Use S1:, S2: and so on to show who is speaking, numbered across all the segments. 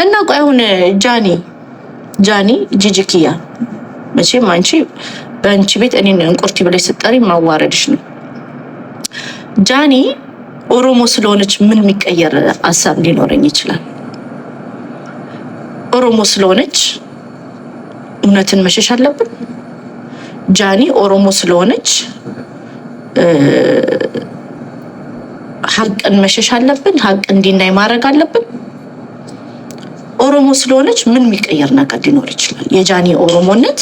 S1: እና ቆይ አሁን ጃኒ ጃኒ ጂጂኪያ መቼም አንቺ በአንቺ ቤት እኔን እንቁርቲ ብለሽ ስጠሪ ማዋረድሽ ነው። ጃኒ ኦሮሞ ስለሆነች ምን የሚቀየር ሀሳብ ሊኖረኝ ይችላል? ኦሮሞ ስለሆነች እውነትን መሸሽ አለብን? ጃኒ ኦሮሞ ስለሆነች ሀቅን መሸሽ አለብን? ሀቅ እንዲናይ ማድረግ አለብን? ኦሮሞ ስለሆነች ምን የሚቀየር ነገር ሊኖር ይችላል? የጃኒ ኦሮሞነት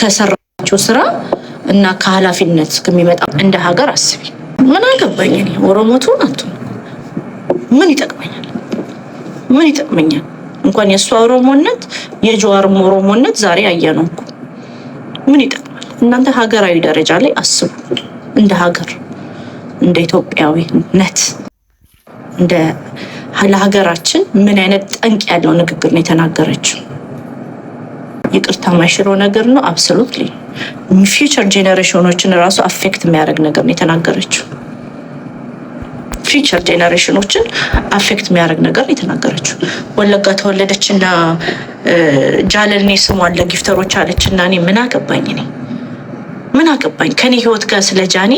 S1: ከሰራቸው ስራ እና ከኃላፊነት ከሚመጣ እንደ ሀገር አስቢ። ምን አገባኝ እኔ ኦሮሞቱ ናቱ ምን ይጠቅመኛል? ምን ይጠቅመኛል? እንኳን የእሷ ኦሮሞነት የጀዋርም ኦሮሞነት ዛሬ አየነው እኮ ምን ይጠቅማል? እናንተ ሀገራዊ ደረጃ ላይ አስቡ። እንደ ሀገር እንደ ኢትዮጵያዊነት እንደ ለሀገራችን ምን አይነት ጠንቅ ያለው ንግግር ነው የተናገረችው። ይቅርታ ማይሽረው ነገር ነው። አብሶሉትሊ ፊውቸር ጄኔሬሽኖችን ራሱ አፌክት የሚያደርግ ነገር ነው የተናገረችው። ፊውቸር ጄኔሬሽኖችን አፌክት የሚያደርግ ነገር ነው የተናገረችው። ወለጋ ተወለደችና ጃለኔ ስሟን ለጊፍተሮች አለችና እኔ ምን አገባኝ እኔ ምን አገባኝ? ከኔ ህይወት ጋር ስለ ጃኒ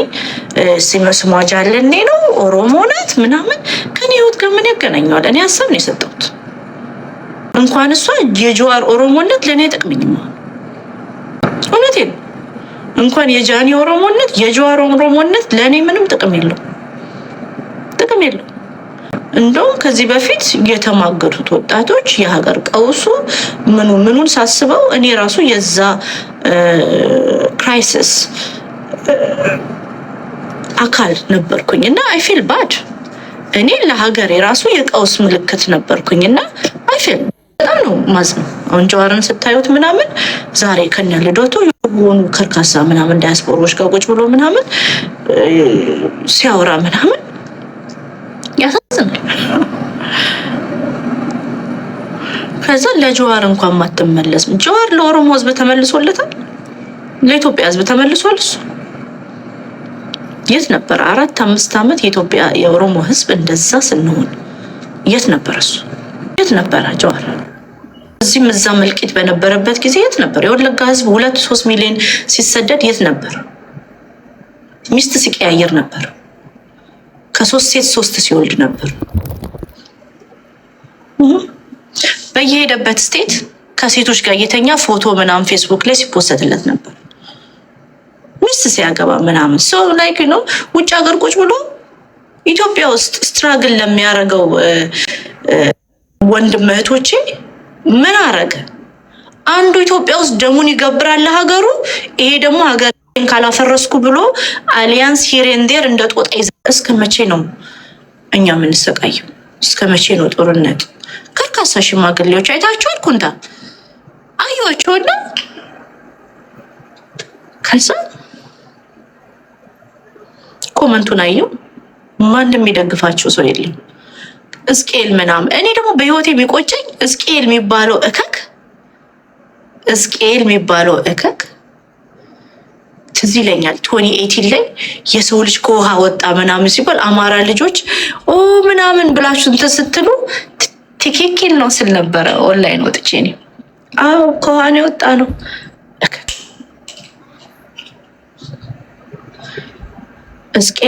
S1: ስሟ ጃለኔ ነው ኦሮሞ ናት ምናምን ከኔ ህይወት ጋር ምን ያገናኘዋል? እኔ ሀሳብ ነው የሰጠሁት። እንኳን እሷ የጀዋር ኦሮሞነት ለእኔ አይጠቅመኝም። እውነቴን እንኳን የጃኒ ኦሮሞነት የጀዋር ኦሮሞነት ለእኔ ምንም ጥቅም የለው፣ ጥቅም የለው። እንደውም ከዚህ በፊት የተማገዱት ወጣቶች የሀገር ቀውሱ ምኑ ምኑን ሳስበው እኔ ራሱ የዛ ክራይሲስ አካል ነበርኩኝ እና አይ ፊል ባድ እኔ ለሀገር የራሱ የቀውስ ምልክት ነበርኩኝ እና አይ ፊል በጣም ነው ማዝነው። አሁን ጀዋርን ስታዩት ምናምን ዛሬ ከነ ልደቱ የሆኑ ከርካሳ ምናምን ዳያስፖሮች ጋር ቁጭ ብሎ ምናምን ሲያወራ ምናምን ያሳዝናል። ከዛ ለጀዋር እንኳን ማትመለስም። ጀዋር ለኦሮሞ ህዝብ ተመልሶለታል፣ ለኢትዮጵያ ህዝብ ተመልሷል። እሱ የት ነበር? አራት አምስት ዓመት የኢትዮጵያ የኦሮሞ ህዝብ እንደዛ ስንሆን የት ነበር? እሱ የት ነበረ ጀዋር? እዚህም እዛም መልቂት በነበረበት ጊዜ የት ነበር? የወለጋ ህዝብ ሁለት ሶስት ሚሊዮን ሲሰደድ የት ነበር? ሚስት ሲቀያየር ነበር። ከሶስት ሴት ሶስት ሲወልድ ነበር። በየሄደበት ስቴት ከሴቶች ጋር እየተኛ ፎቶ ምናምን ፌስቡክ ላይ ሲፖሰትለት ነበር። ሚስት ሲያገባ ምናምን ሰው ላይክ ነው። ውጭ ሀገር ቁጭ ብሎ ኢትዮጵያ ውስጥ ስትራግል ለሚያደርገው ወንድም እህቶቼ ምን አረገ? አንዱ ኢትዮጵያ ውስጥ ደሙን ይገብራል ለሀገሩ። ይሄ ደግሞ ሀገር ሀገሬን ካላፈረስኩ ብሎ አሊያንስ ሂሬንዴር እንደ ጦጣ ይዘ እስከ መቼ ነው እኛ የምንሰቃየው? እስከ መቼ ነው ጦርነት? ከርካሳ ሽማግሌዎች አይታችኋል። ኩንታ አዩዋቸውና ከዛ ኮመንቱን አየው። ማንም የሚደግፋቸው ሰው የለም። እስቄል ምናምን እኔ ደግሞ በህይወት የሚቆጨኝ እስቄል የሚባለው እከክ እስቅኤል የሚባለው እከክ ትዝ ይለኛል ቶኒ ኤቲን ላይ የሰው ልጅ ከውሃ ወጣ ምናምን ሲባል አማራ ልጆች ኦ ምናምን ብላችሁ እንትን ስትሉ ትክክል ነው ስል ነበረ። ኦንላይን ወጥቼ እኔ አዎ ከውሃ ነው የወጣ ነው። እስቄ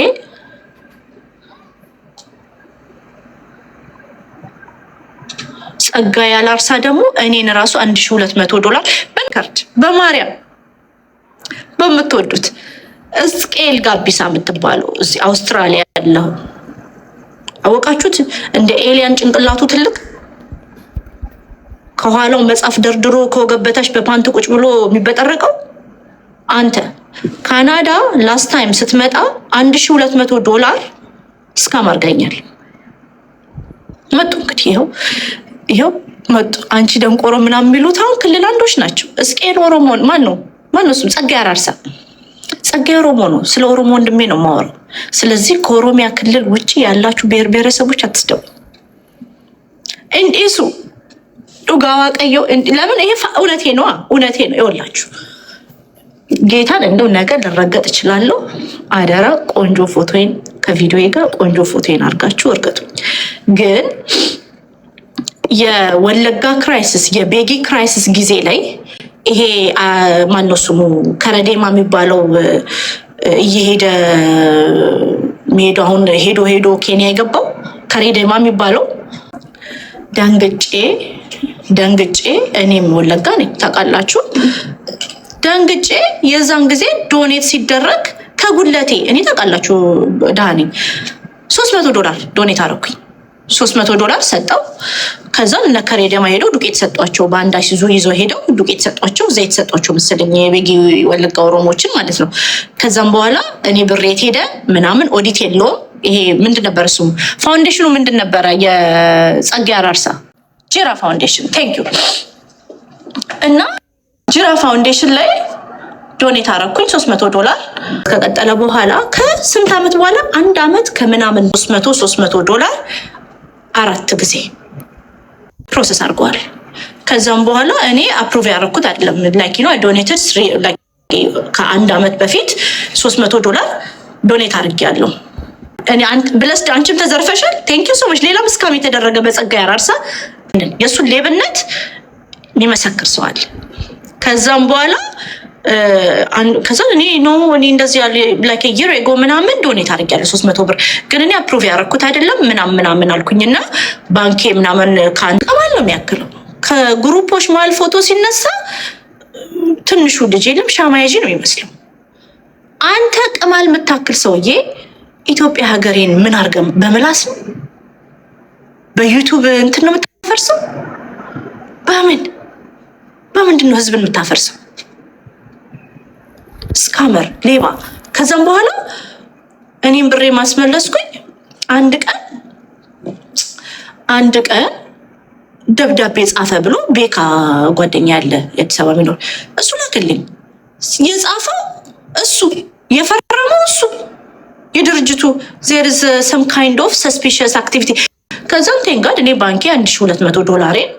S1: ጸጋ ያላርሳ ደግሞ እኔን ራሱ አንድ ሺህ ሁለት መቶ ዶላር በካርድ በማርያም በምትወዱት እስቄል ጋቢሳ የምትባለው እዚህ አውስትራሊያ ያለው አወቃችሁት። እንደ ኤሊያን ጭንቅላቱ ትልቅ ከኋላው መጽሐፍ ደርድሮ ከወገበታች በፓንት ቁጭ ብሎ የሚበጠረቀው አንተ ካናዳ ላስት ታይም ስትመጣ አንድ ሺህ ሁለት መቶ ዶላር እስካም አድርገኛል። መጡ እንግዲህ ይኸው ይኸው መጡ። አንቺ ደንቆሮ ምናምን የሚሉት አሁን ክልል አንዶች ናቸው። እስቄል ኦሮሞን ማን ነው? ማነው እሱም ጸጋ ያራርሳ ጸጋ ኦሮሞ ነው። ስለ ኦሮሞ ወንድሜ ነው የማወራው። ስለዚህ ከኦሮሚያ ክልል ውጭ ያላችሁ ብሔር ብሔረሰቦች አትስደቡ። እንዲሱ ዱጋዋ ቀዮ ለምን ይሄ እውነቴ ነዋ፣ እውነቴ ነው። ይወላችሁ ጌታን እንደው ነገ ልረገጥ እችላለሁ። አደራ ቆንጆ ፎቶዬን ከቪዲዮ ጋር ቆንጆ ፎቶዬን አድርጋችሁ እርገጡኝ። ግን የወለጋ ክራይሲስ የቤጊ ክራይሲስ ጊዜ ላይ ይሄ ማነው ስሙ ከረዴማ የሚባለው እየሄደ ሄዱ አሁን ሄዶ ሄዶ ኬንያ የገባው ከረዴማ የሚባለው ደንግጬ ደንግጬ እኔም ወለጋ ነኝ ታውቃላችሁ። ደንግጬ የዛን ጊዜ ዶኔት ሲደረግ ከጉለቴ እኔ ታውቃላችሁ ድሃ ነኝ ሶስት መቶ ዶላር ዶኔት አረኩኝ። ሶስት መቶ ዶላር ሰጠው። ከዛ ነከሬ ደማ ሄደው ዱቄት ሰጧቸው። በአንዳ ሲዙ ይዞ ሄደው ዱቄት ሰጧቸው፣ ዘይት ሰጧቸው መሰለኝ የቤጊ ወለጋ ኦሮሞችን ማለት ነው። ከዛም በኋላ እኔ ብሬት ሄደ ምናምን ኦዲት የለውም። ይሄ ምንድን ነበር እሱ ፋውንዴሽኑ ምንድን ነበረ? የጸጌ አራርሳ ጅራ ፋውንዴሽን ቴንክ ዩ እና ጅራ ፋውንዴሽን ላይ ዶኔት አረኩኝ ሶስት መቶ ዶላር ከቀጠለ በኋላ ከስንት ዓመት በኋላ አንድ ዓመት ከምናምን ሶስት መቶ ሶስት መቶ ዶላር አራት ጊዜ ፕሮሰስ አድርገዋል። ከዛም በኋላ እኔ አፕሮቭ ያደረኩት አይደለም ላይክ ነው ዶኔትድ ከአንድ አመት በፊት ሶስት መቶ ዶላር ዶኔት አድርጌያለሁ። ብለስ አንቺም ተዘርፈሻል። ቴንኪዩ ሰዎች ሌላም እስካም የተደረገ በጸጋ ያራርሳ የእሱን ሌብነት የሚመሰክር ሰዋል። ከዛም በኋላ ከዛ እኔ ኖ እኔ እንደዚህ ያለ ላይክ የር ጎ ምናምን ዶኔት ያለ ሶስት መቶ ብር ግን እኔ አፕሮቭ ያደረግኩት አይደለም ምናምን ምናምን አልኩኝና ባንኬ ምናምን ከአንድ ነው የሚያክለው ከግሩፖች መሀል ፎቶ ሲነሳ ትንሹ ልጅ የለም ሻማያጂ ነው ይመስለው። አንተ ቅማል የምታክል ሰውዬ ኢትዮጵያ ሀገሬን ምን አድርገን በምላስ ነው በዩቱብ እንትን ነው የምታፈርሰው? በምን በምንድን ነው ህዝብን የምታፈርሰው? ስካመር፣ ሌባ። ከዛም በኋላ እኔም ብሬ ማስመለስኩኝ። አንድ ቀን አንድ ቀን ደብዳቤ ጻፈ ብሎ ቤካ ጓደኛ ያለ የአዲስ አበባ ሚኖር እሱ ላክልኝ። የጻፈው እሱ የፈረመው እሱ የድርጅቱ ዜርዝ ሰም ካይንድ ኦፍ ሰስፒሽስ አክቲቪቲ። ከዛም ቴንጋድ እኔ ባንኬ መቶ ዶላሬን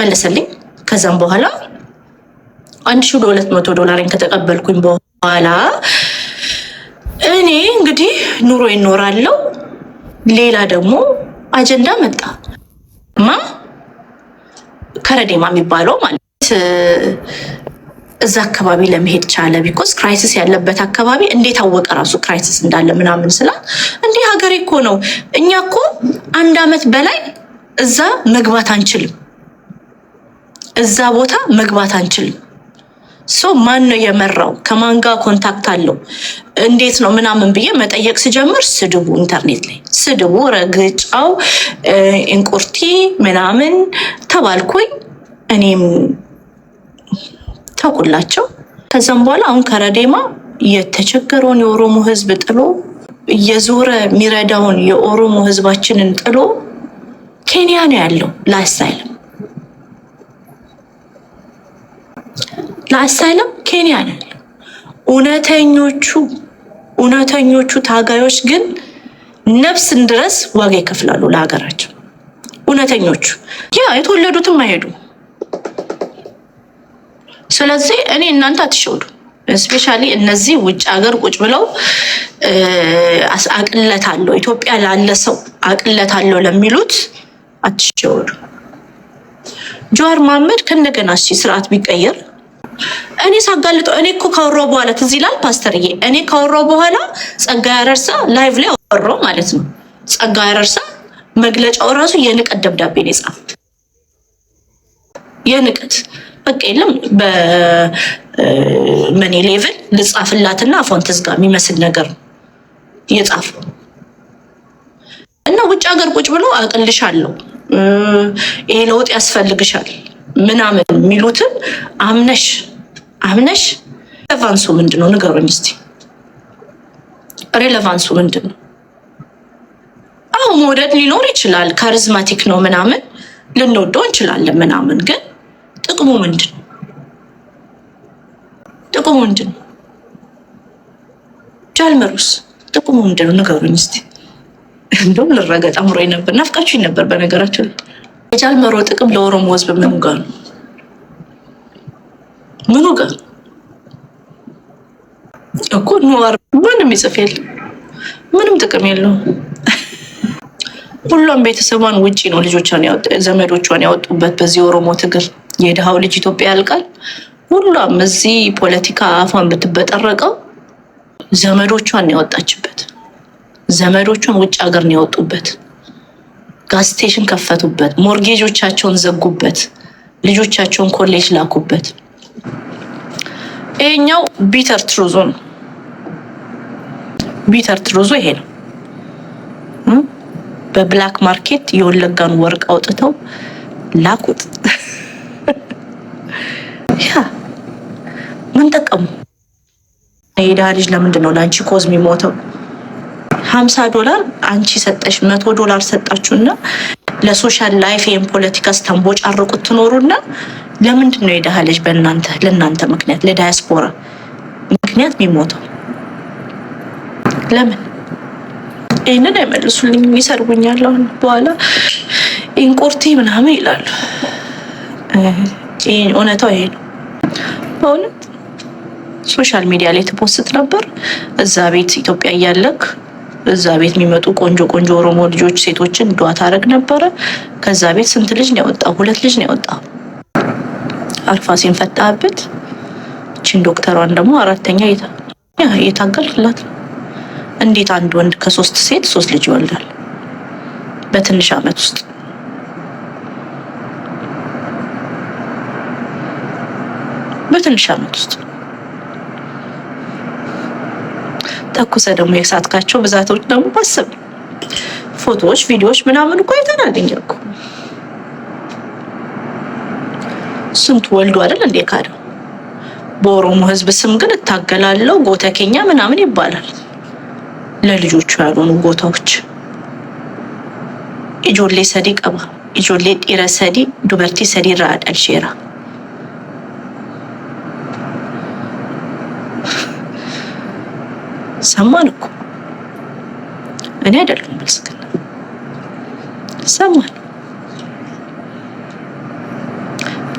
S1: መለሰልኝ። ከዛም በኋላ አንድ ሺ ሁለት መቶ ዶላርን ከተቀበልኩኝ በኋላ እኔ እንግዲህ ኑሮ ይኖራለው። ሌላ ደግሞ አጀንዳ መጣ ማ ከረዴማ የሚባለው ማለት እዛ አካባቢ ለመሄድ ቻለ። ቢኮስ ክራይሲስ ያለበት አካባቢ እንዴት አወቀ ራሱ ክራይሲስ እንዳለ ምናምን ስላል እንዲህ ሀገሬ እኮ ነው። እኛ እኮ አንድ አመት በላይ እዛ መግባት አንችልም፣ እዛ ቦታ መግባት አንችልም። ሶ ማን ነው የመራው? ከማን ጋር ኮንታክት አለው? እንዴት ነው ምናምን ብዬ መጠየቅ ስጀምር ስድቡ ኢንተርኔት ላይ ስድቡ፣ ረግጫው፣ እንቁርቲ ምናምን ተባልኩኝ። እኔም ተውኩላቸው። ከዛም በኋላ አሁን ከረዴማ የተቸገረውን የኦሮሞ ህዝብ ጥሎ እየዞረ የሚረዳውን የኦሮሞ ህዝባችንን ጥሎ ኬንያ ነው ያለው ላይፍ ለአሳይለም ኬንያ ነው ያለው። እውነተኞቹ እውነተኞቹ ታጋዮች ግን ነፍስን ድረስ ዋጋ ይከፍላሉ ለሀገራቸው። እውነተኞቹ ያ የተወለዱትም አይሄዱ። ስለዚህ እኔ እናንተ አትሸውዱ። እስፔሻሊ እነዚህ ውጭ ሀገር ቁጭ ብለው አለው ኢትዮጵያ ላለ ሰው አለው ለሚሉት አትሸውዱ። ጀዋር መሀመድ ከእንደገና ስርዓት ቢቀየር እኔ ሳጋልጠው እኔ እኮ ካወራሁ በኋላ ትዝ ይላል ፓስተርዬ፣ እኔ ካወራሁ በኋላ ጸጋ ያረርሳ ላይቭ ላይ ወሮ ማለት ነው። ጸጋ ያረርሳ መግለጫው ራሱ የንቀት ደብዳቤ ነው የጻፈ የንቀት በቃ የለም በመኔ ሌቭል ልጻፍላትና አፏን ትዝጋ የሚመስል ነገር ነው የጻፈው እና ውጭ ሀገር ቁጭ ብሎ አቅልሻለሁ፣ ይሄ ለውጥ ያስፈልግሻል ምናምን የሚሉትን አምነሽ አምነሽ ሬሌቫንሱ ምንድን ነው ንገሩኝ እስቲ። ሬሌቫንሱ ምንድን ነው? አሁ መውደድ ሊኖር ይችላል። ካሪዝማቲክ ነው ምናምን ልንወደው እንችላለን ምናምን፣ ግን ጥቅሙ ምንድን ነው? ጥቅሙ ምንድን ነው? ጃልመሩስ ጥቅሙ ምንድን ነው ንገሩኝ እስቲ። እንደውም ልረገጥ አምሮኝ ነበር፣ ናፍቃችሁኝ ነበር በነገራችሁ ላይ የጃልመሮ ጥቅም ለኦሮሞ ህዝብ ምኑ ጋ ነው? ምኑ ጋ እኮ ነዋር ማንም ይጽፍል ምንም ጥቅም የለውም። ሁሏም ቤተሰቧን ውጪ ነው ልጆቿን ዘመዶቿን ያወጡበት በዚህ ኦሮሞ ትግል የድሃው ልጅ ኢትዮጵያ ያልቃል። ሁሏም እዚህ ፖለቲካ አፏን ብትበጠረቀው ዘመዶቿን ያወጣችበት ዘመዶቿን ውጭ ሀገር ነው ያወጡበት ጋዝ ስቴሽን ከፈቱበት፣ ሞርጌጆቻቸውን ዘጉበት፣ ልጆቻቸውን ኮሌጅ ላኩበት። ይሄኛው ቢተር ትሩዞ ነው። ቢተር ትሩዞ ይሄ ነው። በብላክ ማርኬት የወለጋን ወርቅ አውጥተው ላኩት። ያ ምን ጠቀሙ? የድሃ ልጅ ለምንድን ነው ለአንቺ ኮዝ የሚሞተው? ሀምሳ ዶላር አንቺ ሰጠሽ መቶ ዶላር ሰጣችሁና ለሶሻል ላይፍ ፖለቲካ ፖለቲካስ ጫርቁት ትኖሩና ለምንድን ነው የደሃ ልጅ በእናንተ ለእናንተ ምክንያት ለዳያስፖራ ምክንያት የሚሞተው ለምን? ይህንን አይመልሱልኝ፣ ይሰርቡኛል። አሁን በኋላ ኢንቁርቲ ምናምን ይላሉ። እውነታው ይሄ ነው። በእውነት ሶሻል ሚዲያ ላይ ትፖስት ነበር እዛ ቤት ኢትዮጵያ እያለክ እዛ ቤት የሚመጡ ቆንጆ ቆንጆ ኦሮሞ ልጆች ሴቶችን ዱዓ ታደርግ ነበረ። ከዛ ቤት ስንት ልጅ ነው ያወጣው? ሁለት ልጅ ነው ያወጣው። አርፋሴን ፈጣህበት። እችን ዶክተሯን ደግሞ አራተኛ የታገልክላት ነው። እንዴት አንድ ወንድ ከሶስት ሴት ሶስት ልጅ ይወልዳል በትንሽ አመት ውስጥ? በትንሽ ዓመት ውስጥ ተኩሰ ደግሞ የሳትካቸው ብዛቶች ደግሞ ባሰብ ፎቶዎች፣ ቪዲዮዎች ምናምን እኮ አይተናል እኛ እኮ ስንቱ ወልዶ አይደል እንዴ ካደው። በኦሮሞ ህዝብ ስም ግን እታገላለሁ ጎተኬኛ ምናምን ይባላል ለልጆቹ ያልሆኑ ጎታዎች ኢጆሌ ሰዲ ቀባ ኢጆሌ ጢረ ሰዲ ዱበርቲ ሰዲ ራአዳል ሼራ ሰማን እኮ እኔ አይደለም ብልጽግና ሰማን።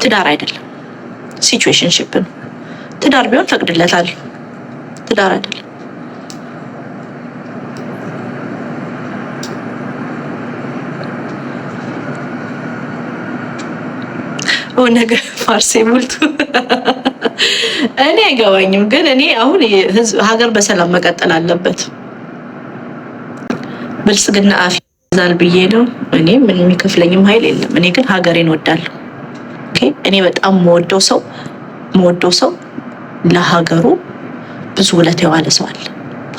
S1: ትዳር አይደለም ሲቹዌሽን ሽፕ ነው። ትዳር ቢሆን ፈቅድለታል። ትዳር አይደለም። ነገር ነገ ፋርሴ ሙልቱ እኔ አይገባኝም። ግን እኔ አሁን ሀገር በሰላም መቀጠል አለበት። ብልጽግና አፍ ይዛል ብዬ ነው። እኔ ምን የሚከፍለኝም ሀይል የለም። እኔ ግን ሀገሬን ወዳለሁ። እኔ በጣም መወደው ሰው መወደው ሰው ለሀገሩ ብዙ ውለት የዋለ ሰው አለ።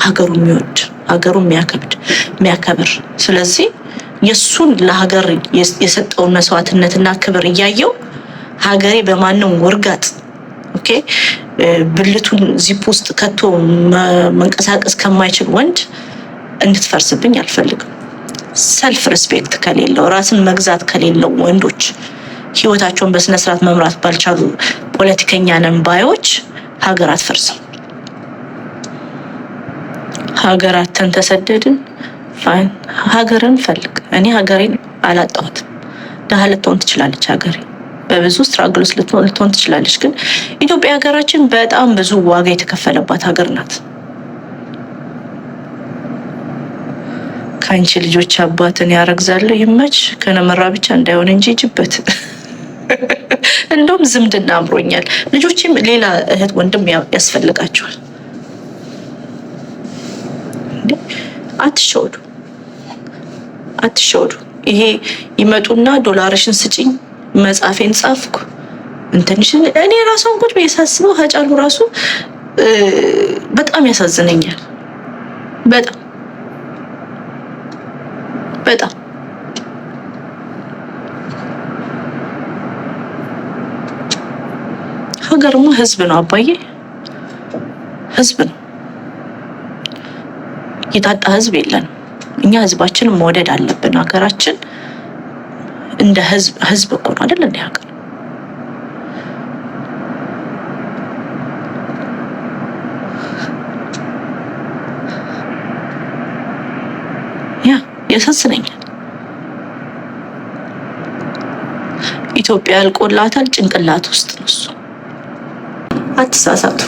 S1: ሀገሩ የሚወድ ሀገሩ የሚያከብድ የሚያከብር። ስለዚህ የእሱን ለሀገር የሰጠውን መስዋዕትነትና ክብር እያየው ሀገሬ በማንም ውርጋጥ ኦኬ ብልቱን ዚፕ ውስጥ ከቶ መንቀሳቀስ ከማይችል ወንድ እንድትፈርስብኝ አልፈልግም። ሰልፍ ሪስፔክት ከሌለው ራስን መግዛት ከሌለው ወንዶች ህይወታቸውን በስነስርዓት መምራት ባልቻሉ ፖለቲከኛ ነን ባዮች ሀገር አትፈርስም። ሀገራትን ተሰደድን ፋይን ሀገርን ፈልግ። እኔ ሀገሬን አላጣሁትም። ደሃ ልትሆን ትችላለች ሀገሬ በብዙ ስትራግል ውስጥ ልትሆን ትችላለች። ግን ኢትዮጵያ ሀገራችን በጣም ብዙ ዋጋ የተከፈለባት ሀገር ናት። ከአንቺ ልጆች አባትን ያረግዛለሁ ይመች ከነመራ ብቻ እንዳይሆን እንጂ ይጅበት እንደውም ዝምድና አምሮኛል። ልጆችም ሌላ እህት ወንድም ያስፈልጋቸዋል። አትሸወዱ፣ አትሸወዱ። ይሄ ይመጡና ዶላርሽን ስጭኝ መጽሐፌን ጻፍኩ። እንትንሽ እኔ ራሱን ቁጭ ሳስበው ሀጫሉ ራሱ በጣም ያሳዝነኛል። በጣም በጣም ሀገርማ ህዝብ ነው አባዬ፣ ህዝብ ነው። የታጣ ህዝብ የለንም። እኛ ህዝባችንን መውደድ አለብን። ሀገራችን እንደ ህዝብ ህዝብ እኮ ነው አይደል? እንዲህ ሀገር ያ ያሳዝነኛል። ኢትዮጵያ ያልቆላታል ጭንቅላት ውስጥ ነው እሱ። አትሳሳቱ።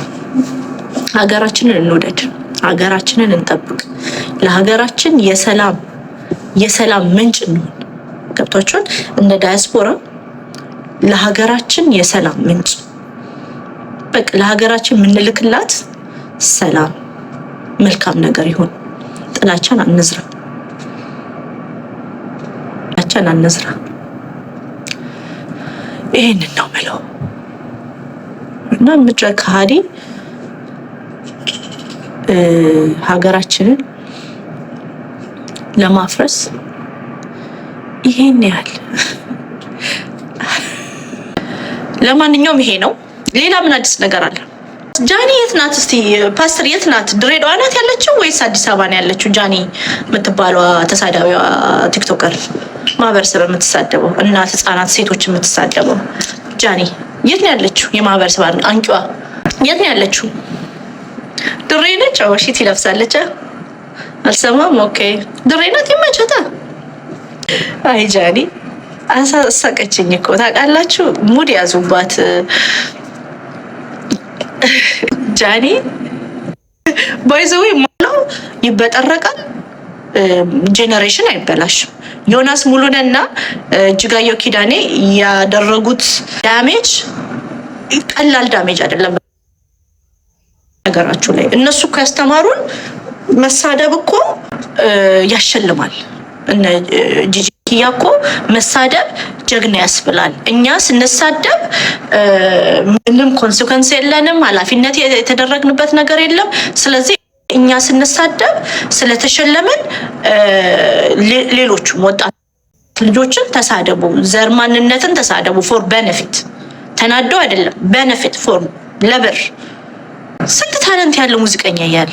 S1: ሀገራችንን እንውደድ፣ ሀገራችንን እንጠብቅ፣ ለሀገራችን የሰላም የሰላም ምንጭ ነው። ገብቷቸዋል። እንደ ዳያስፖራ ለሀገራችን የሰላም ምንጭ በቃ ለሀገራችን የምንልክላት ሰላም መልካም ነገር ይሁን። ጥላቻን አንዝራ፣ ጥላቻን አንዝራ። ይሄንን ነው ምለው እና ምድረ ከሃዲ ሀገራችንን ለማፍረስ ይሄን ያህል። ለማንኛውም ይሄ ነው። ሌላ ምን አዲስ ነገር አለ? ጃኒ የት ናት? እስቲ ፓስተር የት ናት? ድሬዳዋ ናት ያለችው ወይስ አዲስ አበባ ነው ያለችው? ጃኒ የምትባሏ ተሳዳቢዋ ቲክቶከር፣ ማህበረሰብ የምትሳደበው እናት፣ ህጻናት፣ ሴቶች የምትሳደበው ጃኒ የት ነው ያለችው? የማህበረሰብ አንቂዋ የት ነው ያለችው? ድሬ ነች። አዎ ሺት ይለብሳለች። አልሰማም። ኦኬ ድሬ ናት። ይመቻታል። አይ ጃኒ አሳሳቀችኝ እኮ ታውቃላችሁ። ሙድ ያዙባት ጃኒ ባይዘዌ ማለው ይበጠረቃል። ጄኔሬሽን አይበላሽም። ዮናስ ሙሉንና እጅጋየሁ ኪዳኔ ያደረጉት ዳሜጅ ቀላል ዳሜጅ አይደለም። ነገራችሁ ላይ እነሱ እኮ ያስተማሩን መሳደብ እኮ ያሸልማል። ጂጂኪያ እኮ መሳደብ ጀግና ያስብላል። እኛ ስንሳደብ ምንም ኮንስኮንስ የለንም፣ ኃላፊነት የተደረግንበት ነገር የለም። ስለዚህ እኛ ስንሳደብ ስለተሸለመን ሌሎችም ወጣት ልጆችን ተሳደቡ፣ ዘር ማንነትን ተሳደቡ። ፎር በነፊት ተናደው አይደለም፣ በነፊት ፎር ለብር። ስንት ታለንት ያለው ሙዚቀኛ እያለ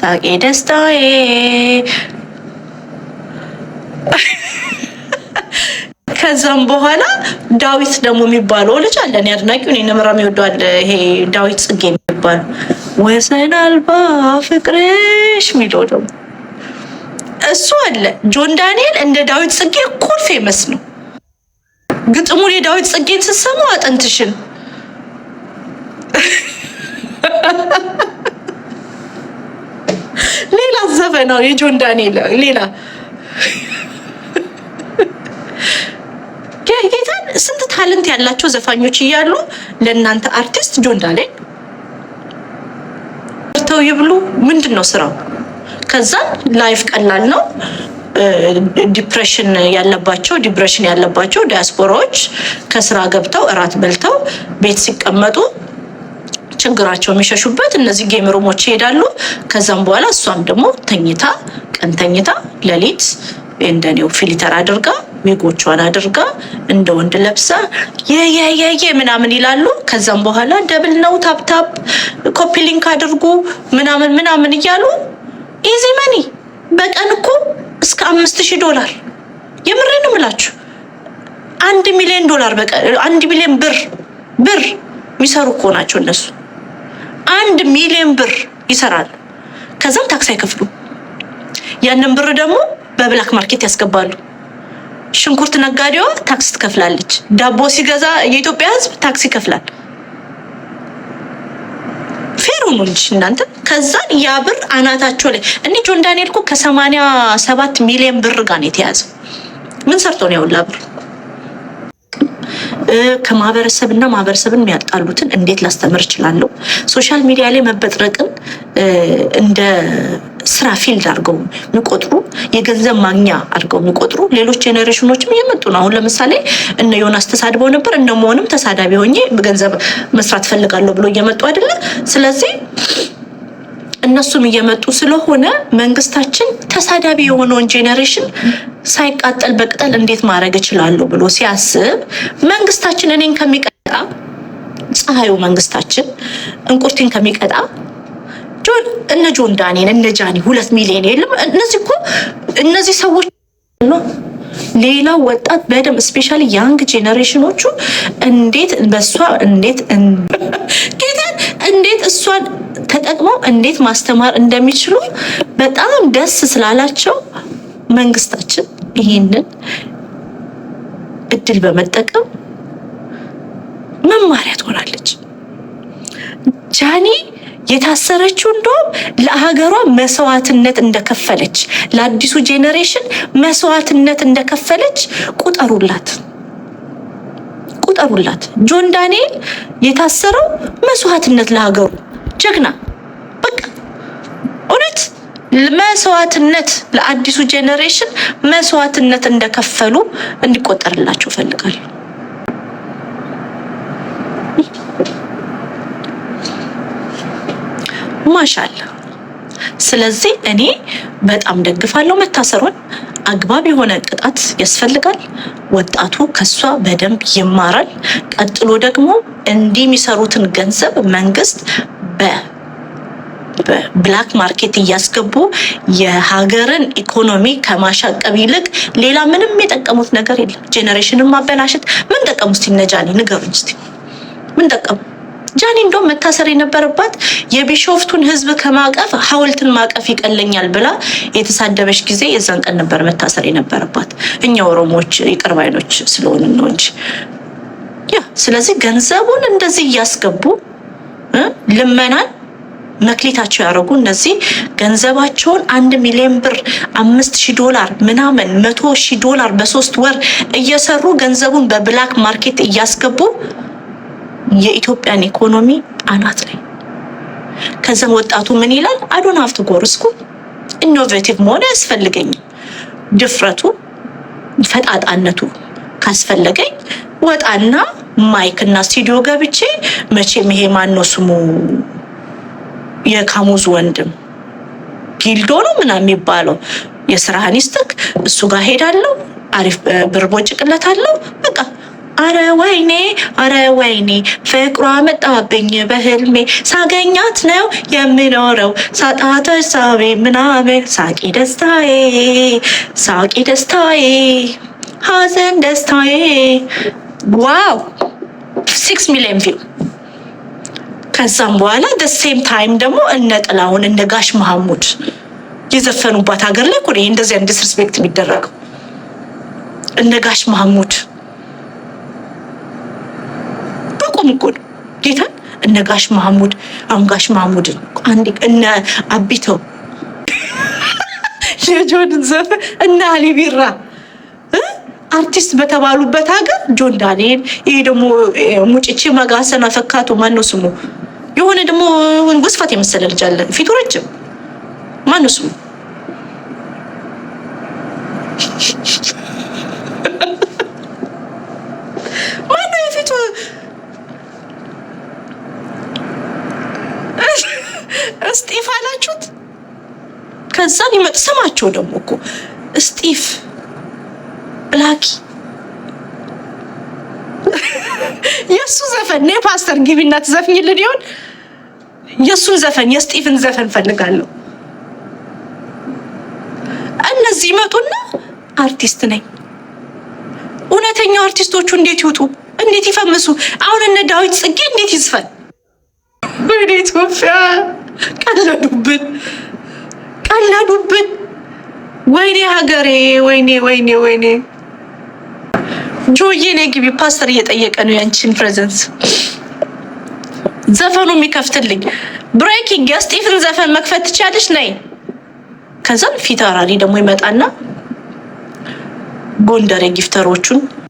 S1: ሳቄ ደስታዬ ከዛም በኋላ ዳዊት ደግሞ የሚባለው ልጅ አለ። እኔ አድናቂ እኔ ነምራም ይወደዋል። ይሄ ዳዊት ጽጌ የሚባለው ወሰን አልባ ፍቅርሽ የሚለው ደግሞ እሱ አለ። ጆን ዳንኤል እንደ ዳዊት ጽጌ እኩል ፌመስ ነው። ግጥሙን የዳዊት ጽጌን ስትሰሙ አጥንትሽን ሌላ ዘፈን ነው የጆን ዳንኤል ሌላ ጌታን ስንት ታለንት ያላቸው ዘፋኞች እያሉ ለእናንተ አርቲስት ጆን ዳንኤል ርተው ይብሉ። ምንድን ነው ስራው? ከዛ ላይፍ ቀላል ነው። ዲፕሬሽን ያለባቸው ዲፕሬሽን ያለባቸው ዲያስፖራዎች ከስራ ገብተው እራት በልተው ቤት ሲቀመጡ ችግራቸው የሚሸሹበት እነዚህ ጌም ሩሞች ይሄዳሉ። ከዛም በኋላ እሷም ደግሞ ተኝታ ቀን ተኝታ ሌሊት እንደኔው ፊልተር አድርጋ ሜጎቿን አድርጋ እንደ ወንድ ለብሳ የየየየ ምናምን ይላሉ። ከዛም በኋላ ደብል ነው ታፕታፕ ኮፒ ሊንክ አድርጉ ምናምን ምናምን እያሉ ኢዚ መኒ በቀን እኮ እስከ አምስት ሺህ ዶላር የምሬ ነው ምላችሁ አንድ ሚሊዮን ዶላር አንድ ሚሊዮን ብር ብር የሚሰሩ እኮ ናቸው እነሱ አንድ ሚሊዮን ብር ይሰራሉ። ከዛም ታክስ አይከፍሉ። ያንን ብር ደግሞ በብላክ ማርኬት ያስገባሉ። ሽንኩርት ነጋዴዋ ታክስ ትከፍላለች። ዳቦ ሲገዛ የኢትዮጵያ ሕዝብ ታክስ ይከፍላል። ፌሩ ነው ልጅ እናንተ። ከዛን ያ ብር አናታቸው ላይ እኔ ጆን ዳንኤል እኮ ከሰማንያ ሰባት ሚሊዮን ብር ጋር ነው የተያዘው። ምን ሰርቶ ነው ያውላ ብር ከማህበረሰብና ማህበረሰብን የሚያጣሉትን እንዴት ላስተምር እችላለሁ? ሶሻል ሚዲያ ላይ መበጥረቅን እንደ ስራ ፊልድ አድርገው የሚቆጥሩ የገንዘብ ማግኛ አድርገው የሚቆጥሩ ሌሎች ጀኔሬሽኖችም እየመጡ ነው። አሁን ለምሳሌ እነ ዮናስ ተሳድበው ነበር። እነ መሆንም ተሳዳቢ ሆኜ ገንዘብ መስራት ፈልጋለሁ ብሎ እየመጡ አይደለ? ስለዚህ እነሱም እየመጡ ስለሆነ መንግስታችን ተሳዳቢ የሆነውን ጄኔሬሽን ሳይቃጠል በቅጠል እንዴት ማድረግ እችላለሁ ብሎ ሲያስብ መንግስታችን እኔን ከሚቀጣ ፀሐዩ መንግስታችን እንቁርቲን ከሚቀጣ እነ ጆን ዳኔን እነ ጃኒ ሁለት ሚሊዮን የለም። እነዚህ እኮ እነዚህ ሰዎች ነው። ሌላው ወጣት በደም ስፔሻሊ ያንግ ጄኔሬሽኖቹ እንዴት በእሷ እንዴት ጌታን እንዴት እሷን ተጠቅመው እንዴት ማስተማር እንደሚችሉ በጣም ደስ ስላላቸው መንግስታችን ይህንን እድል በመጠቀም መማሪያ ትሆናለች ጃኒ የታሰረችው እንደውም ለሀገሯ መስዋዕትነት እንደከፈለች ለአዲሱ ጄኔሬሽን መስዋዕትነት እንደከፈለች ቁጠሩላት ቁጠሩላት። ጆን ዳንኤል የታሰረው መስዋዕትነት ለሀገሩ ጀግና፣ በቃ እውነት መስዋዕትነት ለአዲሱ ጄኔሬሽን መስዋዕትነት እንደከፈሉ እንዲቆጠርላቸው እፈልጋለሁ። ማሻል ስለዚህ እኔ በጣም ደግፋለሁ መታሰሩን። አግባብ የሆነ ቅጣት ያስፈልጋል። ወጣቱ ከሷ በደንብ ይማራል። ቀጥሎ ደግሞ እንዲህ የሚሰሩትን ገንዘብ መንግስት ብላክ ማርኬት እያስገቡ የሀገርን ኢኮኖሚ ከማሻቀብ ይልቅ ሌላ ምንም የጠቀሙት ነገር የለም። ጄኔሬሽንን ማበላሸት ምን ጠቀሙ? እስቲ ንገሩኝ። እስቲ ምን ጠቀሙ? ጃኒ እንደውም መታሰር የነበረባት የቢሾፍቱን ህዝብ ከማቀፍ ሀውልትን ማቀፍ ይቀለኛል ብላ የተሳደበች ጊዜ የዛን ቀን ነበር መታሰር የነበረባት። እኛ ኦሮሞዎች ይቅር ባይኖች ስለሆን ነው እንጂ ያ። ስለዚህ ገንዘቡን እንደዚህ እያስገቡ ልመናን መክሊታቸው ያደረጉ እነዚህ ገንዘባቸውን አንድ ሚሊዮን ብር አምስት ሺህ ዶላር ምናምን መቶ ሺህ ዶላር በሶስት ወር እየሰሩ ገንዘቡን በብላክ ማርኬት እያስገቡ የኢትዮጵያን ኢኮኖሚ አናት ላይ። ከዚም ወጣቱ ምን ይላል? አዶን ሀፍት ጎርስኩ ኢኖቬቲቭ መሆን አያስፈልገኝም። ድፍረቱ ፈጣጣነቱ ካስፈለገኝ ወጣና ማይክ እና ስቱዲዮ ገብቼ መቼም ይሄ ማን ነው ስሙ የካሙዝ ወንድም ጊልዶ ነው ምናምን የሚባለው የስራህን ይስጥክ። እሱ ጋር ሄዳለሁ፣ አሪፍ ብር ቦጭቅለት አለው በቃ አረ ወይኔ፣ አረ ወይኔ፣ ፍቅሯ መጣብኝ በህልሜ ሳገኛት ነው የምኖረው ሳጣት ሳቤ ምናምን ሳቂ ደስታዬ፣ ሳቂ ደስታዬ፣ ሀዘን ደስታዬ። ዋው ሲክስ ሚሊዮን ቪው። ከዛም በኋላ ደሴም ታይም ደግሞ እነ ጥላሁን እነ ጋሽ መሐሙድ የዘፈኑባት ሀገር ላይ እኮ እንደዚህ ዲስርስፔክት የሚደረገው እነ ጋሽ መሐሙድ በጣም እኮ ነው ጌታ እነ ጋሽ ማህሙድ አሁን ጋሽ ማህሙድን አንድ እነ አቢተው የጆንን ዘፈ እነ አሊቢራ አርቲስት በተባሉበት ሀገር ጆን ዳንኤል፣ ይህ ደግሞ ሙጭቼ መጋሰን አፈካቱ ማን ነው ስሙ? የሆነ ደግሞ ጉስፋት የመሰለ ልጅ አለ፣ ፊቱ ረጅም ማን ነው ስሙ? አሁን ስማቸው ደግሞ እኮ ስጢፍ ብላኪ የእሱ ዘፈን ነው። ፓስተር ግቢና ትዘፍኝልን ይሆን? የእሱን ዘፈን የስጢፍን ዘፈን ፈልጋለሁ። እነዚህ ይመጡና አርቲስት ነኝ። እውነተኛው አርቲስቶቹ እንዴት ይውጡ? እንዴት ይፈምሱ? አሁን እነ ዳዊት ጽጌ እንዴት ይዝፈን? ኢትዮጵያ ቀለዱብን። ቀለዱብን። ወይኔ ሀገሬ፣ ወይኔ ወይኔ ወይኔ። ጆዬ ነይ ግቢ። ፓስተር እየጠየቀ ነው ያንቺን ፕሬዘንስ። ዘፈኑ የሚከፍትልኝ ብሬኪንግ የስጢፍን ዘፈን መክፈት ትቻለች? ነይ። ከዛም አራሪ ደግሞ ይመጣና ጎንደሬ ጊፍተሮቹን